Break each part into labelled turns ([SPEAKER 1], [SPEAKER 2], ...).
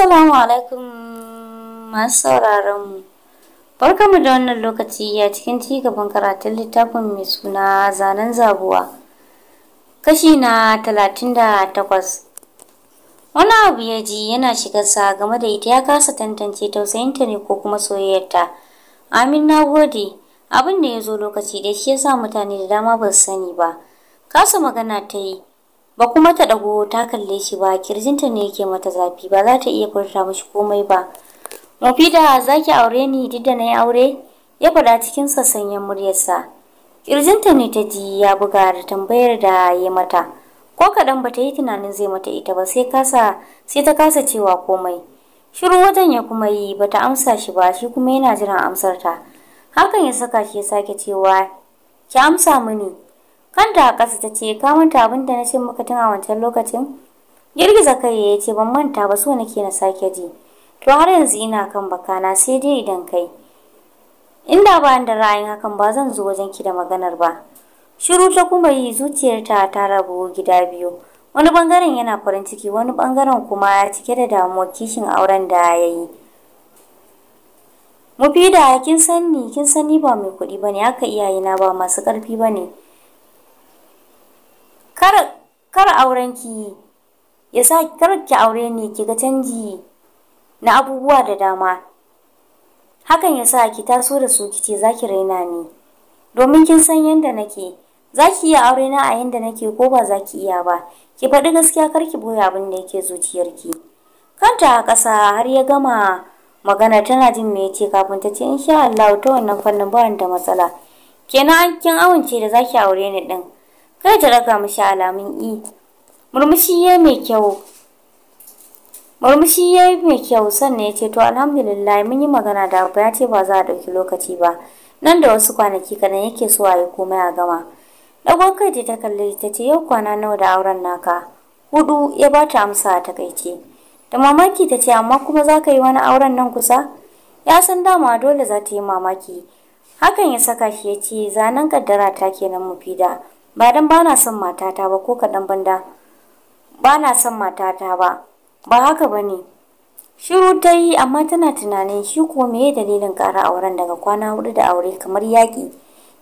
[SPEAKER 1] Assalamu alaikum masu sauraronmu. Barkamu da wannan lokaci a cikin ci gaban karatun littafin mai suna zanen zabuwa. Kashi na talatin da takwas. Wani abu ya ji yana sa game da ita ya kasa tantance tausayinta ne ko kuma soyayyarta. Amin na gode. Abin da ya zo lokaci da shi ya sa mutane da dama ba su sani ba. Kasa magana ta yi. ba kuma ta dago ta kalle shi ba kirjinta ne yake mata zafi ba za ta iya furta mishi komai ba mafida zaki aure ni duk da na yi aure ya faɗa cikin sassanyen muryarsa kirjinta ne ta ji ya buga da tambayar da ya mata ko kaɗan ba ta yi tunanin zai mata ita ba sai kasa sai ta kasa cewa komai shiru wajen ya kuma yi ba ta amsa shi ba shi kuma yana jiran amsar ta hakan ya saka shi ya sake cewa ki amsa mini kanta a ƙasa ta ce ka manta abin da na ce maka tun a wancan lokacin girgiza kai ya ce ban manta ba so nake na sake ji to har yanzu ina kan bakana sai dai idan kai inda ba da ra'ayin hakan ba zan zo wajen ki da maganar ba shiru ta kuma yi zuciyarta ta rabu gida biyu wani bangaren yana farin ciki wani bangaren kuma ya cike da damuwa kishin auren da ya yi Mu fi da, kin sani, kin sani, ba mai kuɗi ba ne, haka iyayena ba masu ƙarfi ba ne. kar kar auren ki ya sa kar ki aure ne ki ga canji na abubuwa da dama hakan ya sa ki taso da su kice za ki raina ni domin kin san yadda nake za ki iya aure na a yadda nake ko ba za ki iya ba ki faɗi gaskiya kar ki boye abin da yake zuciyarki kanta a ƙasa har ya gama magana tana jin me yace kafin ta ce sha Allah ta wannan fannin ba da matsala kenan kin amince da zaki aure ni din kai ta raga mishi alamun i e. murmushi ya mai kyau murmushi yayi mai kyau sannan ya ce to alhamdulillah mun yi magana da abu ya ce ba za a ɗauki lokaci ba nan da wasu kwanaki kadan yake so a yi komai a gama ɗagon kai ta kalli ta ce yau kwana nawa da auren naka hudu ya ba ta amsa a takaice da mamaki ta ce amma kuma za ka yi wani auren nan kusa ya san dama dole za ta yi mamaki hakan ya saka shi ya ce zanen kaddara ta kenan mu fida ba dan bana son matata ba ko kadan banda bana son matata ba ba haka bane shiru ta yi amma tana tunanin shi ko meye dalilin ƙara auren daga kwana hudu da aure kamar yaki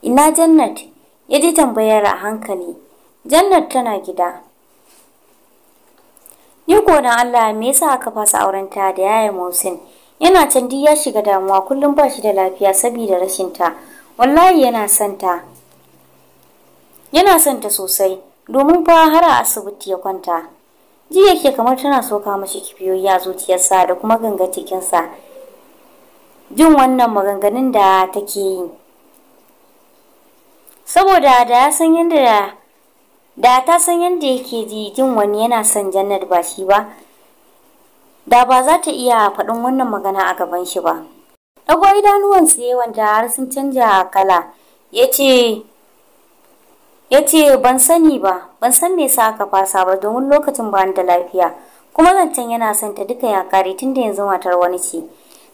[SPEAKER 1] ina jannat ya ji tambayar a hankali jannat tana gida ni ko dan Allah me yasa aka fasa auren ta da yaya Musin yana can ya shiga damuwa kullum ba shi da lafiya saboda rashin ta wallahi yana son ta yana son ta sosai domin fa har a asibiti ya kwanta ji yake kamar tana soka mashi kibiyoyi a zuciyarsa da kuma ganga cikinsa jin wannan maganganun da take yi saboda da ya san yadda da ta san yadda yake ji jin wani yana son jannat ba shi ba da ba za ta iya faɗin wannan magana a gaban shi ba ɗago idanuwan tsaye wanda har sun canja kala ya ce ya ce ban sani ba ban san me sa aka fasa ba domin lokacin ba da lafiya kuma zancen yana son ta duka ya kare tun da yanzu matar wani ce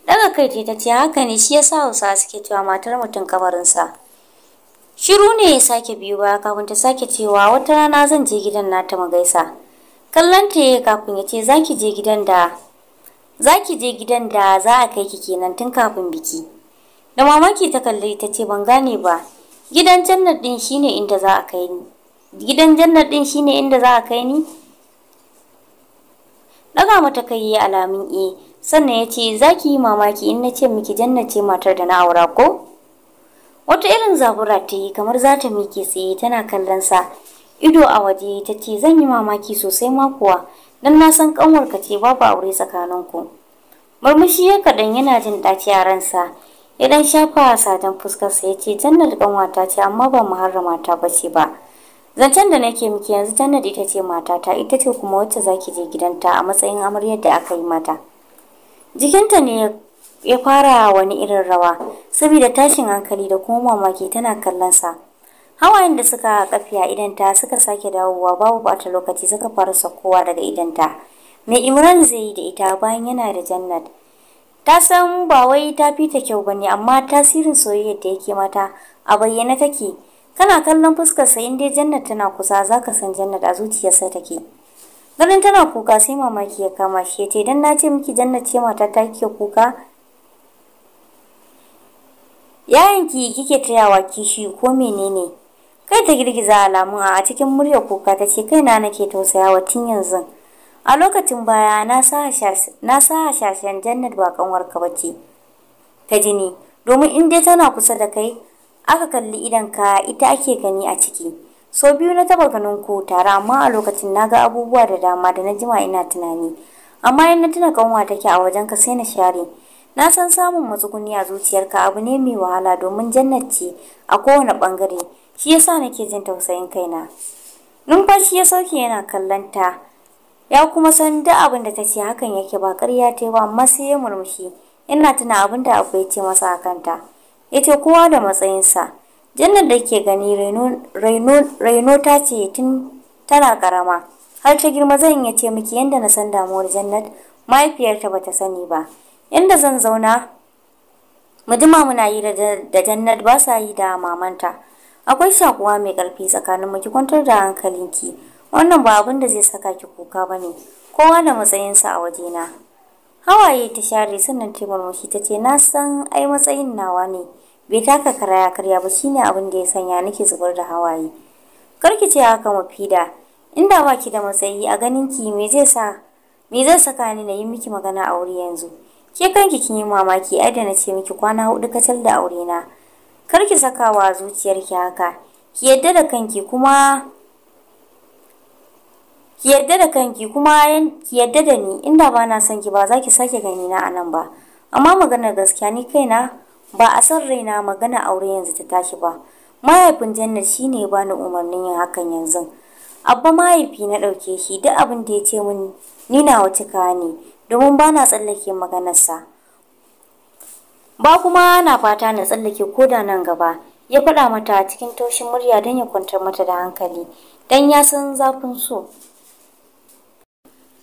[SPEAKER 1] daga kai ta ce haka ne shi yasa hausa suke cewa matar mutum kabarinsa shiru ne ya sake biyu ba, kafin ta sake cewa wata rana zan je gidan nata mu gaisa kallon ta yayi kafin ya ce zaki je gidan da zaki je gidan da za a kai ki kenan tun kafin biki da mamaki ta kalli ta ce ban gane ba gidan jannat din shine inda za a kai ni gidan jannat din shine inda za a kai ni daga mata kai yi alamin e sannan ya ce za ki yi mamaki in na ce miki jannat ce matar da na aura ko wata irin zabura ta yi kamar za ta miƙe tsaye tana kallon sa ido a waje ta ce zan yi mamaki sosai ma kuwa dan na san kanwarka ce babu aure tsakaninku murmushi ya kaɗan yana jin ɗaci a ransa ya dan shafa sajan fuskarsa ya ce jannat kanwata ce amma ba muharrama ta bace ba zancen da nake miki yanzu jannat ita ce matata ita ce kuma wacce zaki je gidanta a matsayin amaryar da aka yi mata jikinta ne ya fara wani irin rawa saboda tashin hankali da kuma mamaki tana kallon sa hawayen da suka kafiya idanta suka sake dawowa babu bata lokaci suka fara sakowa daga idanta mai imran zai yi da ita bayan yana da jannat ta san ba wai ta fi ta kyau bane amma tasirin soyayyar da yake mata a bayyane take kana kallon fuskar sa in dai jannat tana kusa zaka san jannat a zuciyarsa take ganin tana kuka sai mamaki ya kama shi yace dan na ce miki jannat ce mata ta kike kuka yayanki kike tayawa kishi ko menene kai ta girgiza alamun a cikin muryar kuka ta ce kaina nake tausayawa tun yanzu a lokacin baya na sa hasashen jannat ba kanwarka ba ce ta jini domin in dai tana kusa da kai aka kalli idan ka ita ake gani a ciki so biyu na taba ganin ku tare amma a lokacin na ga abubuwa da dama da na jima ina tunani amma in na tuna kanwa take a wajen ka sai na share na san samun matsuguni a zuciyarka abu ne mai wahala domin jannat ce a kowane bangare shi yasa nake jin tausayin kaina numfashi ya sauke yana kallon ya kuma san duk abin da ta ce hakan yake ba ƙarya ta yi ba amma sai ya murmushi ina tuna abin da abu ce masa a kanta ita kowa da matsayinsa jannar da ke gani raino ta ce tun tana karama har ta girma zan iya ce miki yadda na san damuwar jannat mahaifiyarta ba ta sani ba inda zan zauna mujima muna yi da jannat ba sa yi da mamanta akwai shakuwa mai karfi tsakanin mu ki kwantar da hankalinki wannan ba abin da zai saka ki kuka ba ne kowa da matsayinsa a wajena hawaye ta share sannan ta murmushi ta ce na san ai matsayin nawa ne bai taka karaya karya ba shine abin da ya sanya nake zubar da hawaye karki ce haka mafida inda ba ki da matsayi a ganin ki me zai sa me zai saka ni na yi miki magana a wuri yanzu ke kanki kin yi mamaki ai da na ce miki kwana hudu kacal da aure na karki sakawa zuciyarki haka ki yadda da kanki kuma ki yarda da kanki kuma ki yarda da ni inda ba na son ki ba zaki sake gani na anan ba amma maganar gaskiya ni kaina ba a san raina magana aure yanzu ta tashi ba mahaifin jannat shine ya bani umarnin yin hakan yanzu abba mahaifi na ɗauke shi duk abin da ya ce min ni na wace kaya ne domin ba na tsallake maganarsa ba kuma na fata na tsallake koda nan gaba ya faɗa mata cikin taushin murya don ya kwantar mata da hankali dan ya san zafin so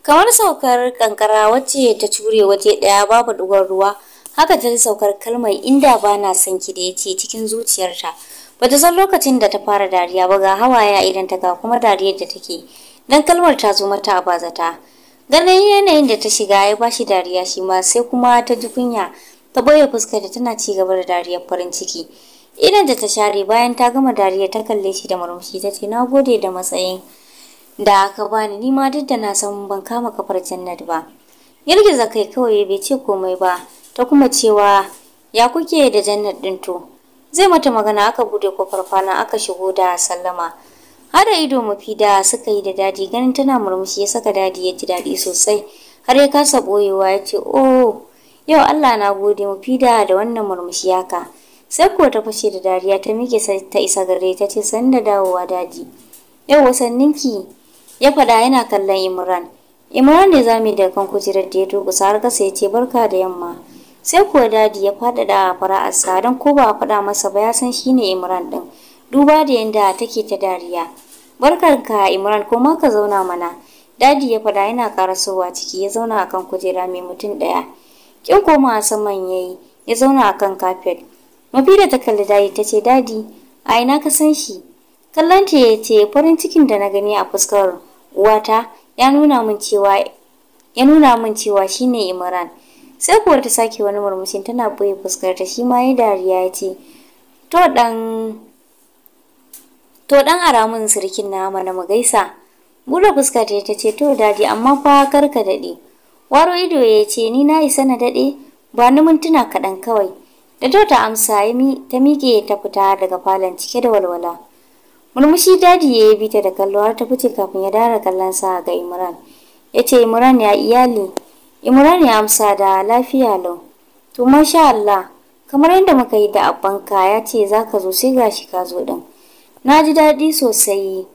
[SPEAKER 1] kamar saukar kankara wacce ta cure waje daya babu ɗugon ruwa haka ta saukar kalmar inda ba na son ki da yace cikin zuciyarta bata san lokacin da ta fara dariya ba ga hawaya idan ta ga kuma dariyar da take dan kalmar ta zo mata a bazata ganin yanayin da ta shiga ya bashi dariya shi ma sai kuma ta ji kunya ta boye fuskar da tana ci gaba da dariyar farin ciki idan da ta share bayan ta gama dariya ta kalle shi da murmushi ta ce na gode da matsayin da aka bani ni ma duk da na san ban kama kafar jannat ba girgiza kai kawai bai ce komai ba ta kuma cewa ya kuke da jannat din to zai mata magana aka bude kofar fana aka shigo da sallama da ido mafi suka yi da dadi ganin tana murmushi ya saka dadi ya ji dadi sosai har ya kasa boyewa ya ce oh yau Allah na gode mafi da wannan murmushi haka sai kuwa ta fashe da dariya ta mike ta isa gare ta ce san da dawowa dadi yau wasanninki ya faɗa yana kallon imran imran ne zami da kan kujerar da ya sa har kasa ya ce barka da yamma sai kuwa dadi ya faɗaɗa fara'arsa don ko ba a faɗa masa ba ya san shi ne imran ɗin duba da yadda take ta dariya ka imran ko ka zauna mana dadi ya faɗa yana karasowa ciki ya zauna akan kujera mai mutum ɗaya kin koma a saman yayi ya zauna akan kafet mafida ta kalli dadi ta ce dadi a ina ka san shi kallon ta ya farin cikin da na gani a fuskar uwata ya nuna min cewa ya nuna min cewa shine Imran sai kuwa ta sake wani murmushin tana boye fuskar ta shi ma ya dariya ya ce to dan to dan aramun sirkin nama na mu gaisa bude fuskar ta tace to dadi amma fa karka dade waro ido ya ce ni na isa na dade ba ni mintuna kaɗan kawai da to ta amsa ya mi ta miƙe ta fita daga falon cike da walwala murmushi dadi ya yi bita da kallo har ta fice kafin ya dara kallon sa ga imran ya ce imran ya iyali imran ya amsa da lafiya lau to masha allah kamar yadda muka yi da abanka ya ce za ka zo sai ga shi ka zo din na ji daɗi sosai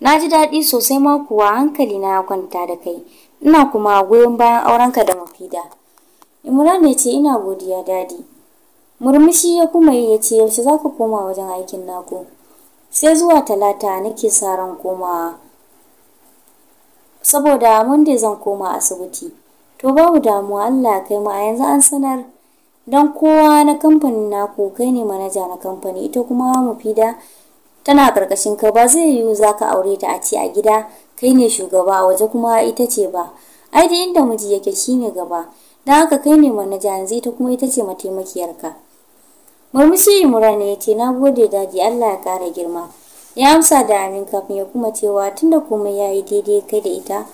[SPEAKER 1] na ji sosai ma kuwa hankali na kwanta da kai ina kuma goyon bayan aurenka da mafida imran ya ce ina godiya dadi murmushi ya kuma yi ya ce yaushe za ka koma wajen aikin naku sai zuwa talata nake sa ran komawa saboda munda zan koma asibiti to babu damuwa Allah kai ma yanzu an sanar dan kowa na kamfanin naku kai ne manaja na kamfani ita kuma mufida tana karkashin ka ba zai yiwu zaka aure ta a ce a gida kai ne shugaba a waje kuma ita ce ba ai da inda miji yake shine gaba dan haka kai ne manaja yanzu ita kuma ita ce mataimakiyar ka. Murmushi Imran ya ce na gode daji Allah ya kara girma. Ya amsa da amin kafin ya kuma cewa tunda komai ya yi daidai kai da ita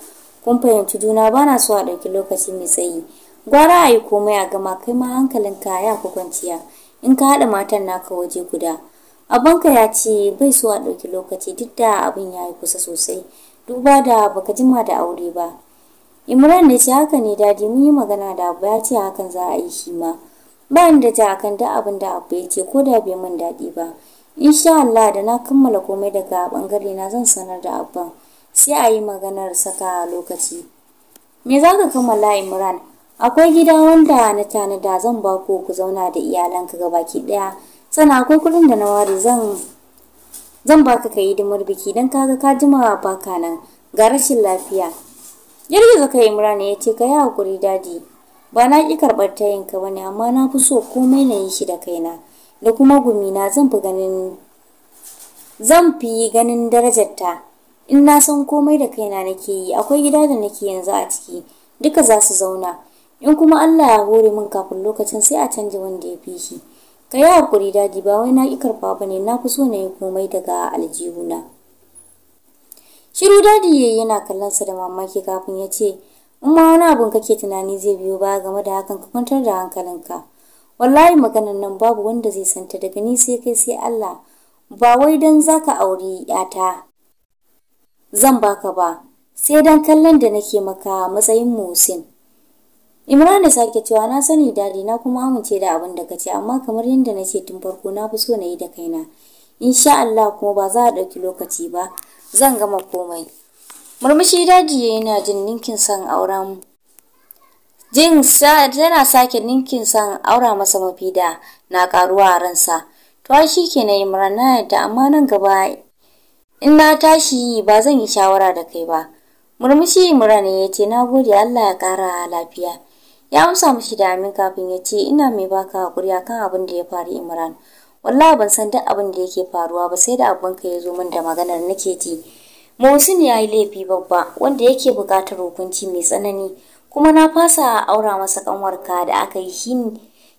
[SPEAKER 1] kun fahimci juna bana so a ɗauki lokaci mai tsayi. Gwara a yi komai a gama kai ma hankalin ka ya fi kwanciya in ka haɗa matan naka waje guda. Abanka ya ce bai so a ɗauki lokaci duk da abin ya yi kusa sosai duba da baka jima da aure ba. Imran ne ce haka ne daji mun yi magana da abu ya ce hakan za a yi shi ma. ba da ja akan duk abin da abu ya ce ko da bai min daɗi ba insha Allah da na kammala komai daga bangare na zan sanar da abban sai a yi maganar saka lokaci me za ka kammala Imran akwai gida wanda na da zan ba ku ku zauna da iyalanka ga baki ɗaya sana akwai kuɗin da na ware zan zan baka ka yi dimar biki don kaga ka jima baka nan ga rashin lafiya girgiza kai Imran ya ce ka yi hakuri dadi ba na ƙi karɓar tayinka ba ne amma na fi so komai na yi shi da kaina da kuma gumina zan fi ganin zan fi ganin ta in na san komai da kaina nake yi akwai gida da nake yanzu a ciki duka za su zauna in kuma Allah ya hore min kafin lokacin sai a canza wanda ya fi shi ka yi hakuri dadi ba wai na ƙi karɓa ba ne na fi so na yi komai daga aljihuna shiru dadi yayi yana kallon sa da mamaki kafin ya ce in ma wani abun kake tunani zai biyo baya game da hakan ka kwantar da hankalinka wallahi maganan nan babu wanda zai santa daga ni sai kai sai Allah ba wai dan zaka aure yata zan baka ba sai dan kallon da nake maka matsayin Musin Imran da sake cewa na sani dadi na kuma amince da abin da kace amma kamar yadda nace tun farko na fi so na yi da kaina insha Allah kuma ba za a ɗauki lokaci ba zan gama komai murmushi daji ya yana jin ninkin son auren mu jin tana sake ninkin san aura masa mafida na karuwa a ransa to shi ke na yi na yadda amma nan gaba in na tashi ba zan yi shawara da kai ba murmushi imran ya ce na gode allah ya kara lafiya ya amsa mashi da amin kafin ya ce ina mai baka hakuri akan abin da ya faru imran wallahi ban san duk abin da yake faruwa ba sai da abin ka ya zo min da maganar nake ji Mohsin ya yi laifi babba wanda yake bukatar hukunci mai tsanani kuma na fasa a aura masa kanwarka da aka yi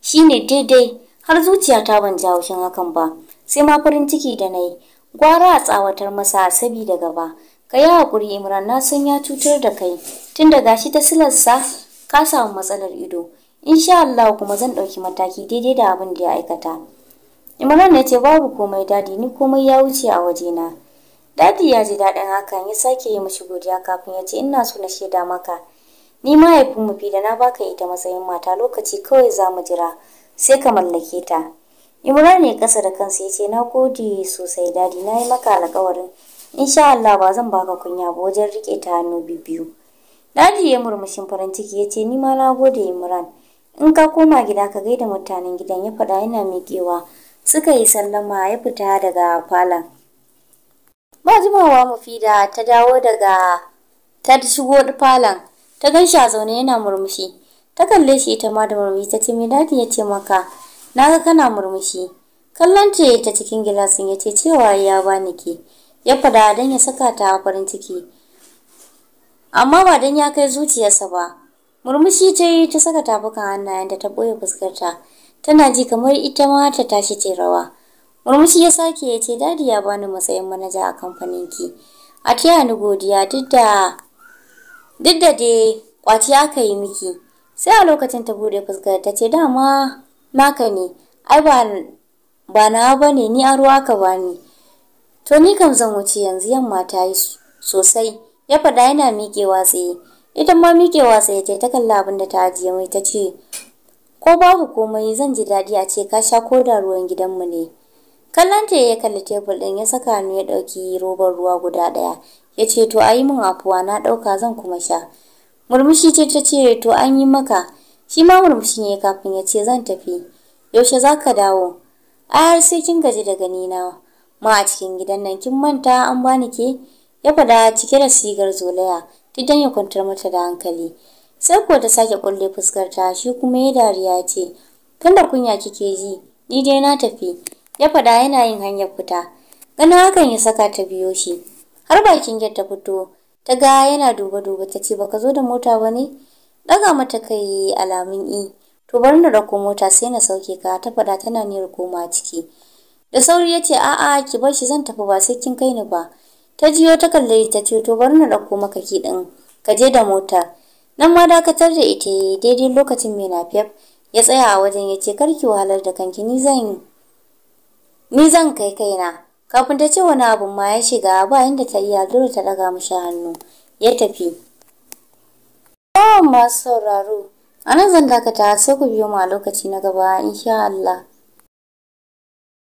[SPEAKER 1] shi ne daidai har zuciya ta ban ji haushin hakan ba sai ma farin ciki da na gwara a tsawatar masa sabi da gaba ka yi hakuri imran na san ya cutar da kai tun da gashi ta silarsa ka samu matsalar ido insha Allah kuma zan ɗauki mataki daidai da abin da ya aikata imran ya ce babu komai dadi ni komai ya wuce a wajena
[SPEAKER 2] Dadi ya ji
[SPEAKER 1] daɗin haka ya sake yi mishi godiya kafin ya ce ina so na shaida maka. Ni mahaifin mu da na baka ita matsayin mata lokaci kawai za mu jira sai ka mallake ta. Imran ne kasa da kansa ya ce na gode sosai dadi na yi maka alƙawarin insha Allah ba zan baka kunya ba wajen rike ta hannu biyu. Dadi ya murmushin farin ciki ya ce ni ma na gode Imran. In ka koma gida ka gaida mutanen gidan ya faɗa yana miƙewa suka yi sallama ya fita daga falon. ba jimawa mafida ta dawo daga ta shigo falon ta ganshi a zaune yana murmushi ta kalle shi ita ma da murmushi ta ce dadi ya ce maka na ga kana murmushi kallon ce ta cikin gilasin ya ce cewa ya bani ke ya fada don ya saka ta farin ciki amma ba don ya kai zuciyarsa ba murmushi ta yi ta saka tafukan hannayen da ta ɓoye fuskarta tana ji kamar ita ma ta tashi ce rawa Murmushi ya sake ya ce dadi ya bani matsayin manaja a kamfanin ki. A taya ni godiya duk da da dai kwaci aka yi miki. Sai a lokacin ta bude fuskar ta ce dama naka ne. Ai ba ba na bane ni aro aka bani. To ni kam zan wuce yanzu yamma ta yi sosai. Ya faɗa yana miƙewa tsaye. Ita ma miƙewa tsaye ce ta kalla abin da ta ajiye mai ta ce ko babu komai zan ji daɗi a ce ka sha ko da ruwan mu ne. kallon ta ya kalli tebul ɗin ya saka hannu ya ɗauki robar ruwa guda ɗaya ya ce to a yi min afuwa na ɗauka zan kuma sha murmushi ce ta ce to an yi maka shi ma murmushi ne kafin ya ce zan tafi yaushe za ka dawo a har sai kin gaji daga gani na ma a cikin gidan nan kin manta an bani ke ya faɗa cike da sigar zolaya duk ya kwantar mata da hankali sai ko ta sake kulle fuskar ta shi kuma ya dariya ce tunda kunya kike ji ni dai na tafi ya faɗa yana yin hanyar fita ganin hakan ya saka ta biyo shi har bakin gate ta fito ta ga yana duba-duba ta ce baka zo da mota ba ne ɗaga mata kai alamun i eh. to bar na rako mota sai na sauke ka ta fada tana niyyar koma ciki da sauri ya ce a'a ki bar shi zan tafi ba sai kin kai ni ba ta jiyo ta kalle ta ce to bar na ɗauko maka ki ɗin ka je da mota nan ma dakatar da ita daidai lokacin mai nafiyar ya tsaya a wajen ya ce karki wahalar da kanki ni zan ni zan kai kaina kafin ta ce wani abun ma ya shiga ba inda ta iya dole ta daga mishi hannu ya tafi yawan masu sauraro a zan dakata sai ku biyo mu a lokaci na gaba insha Allah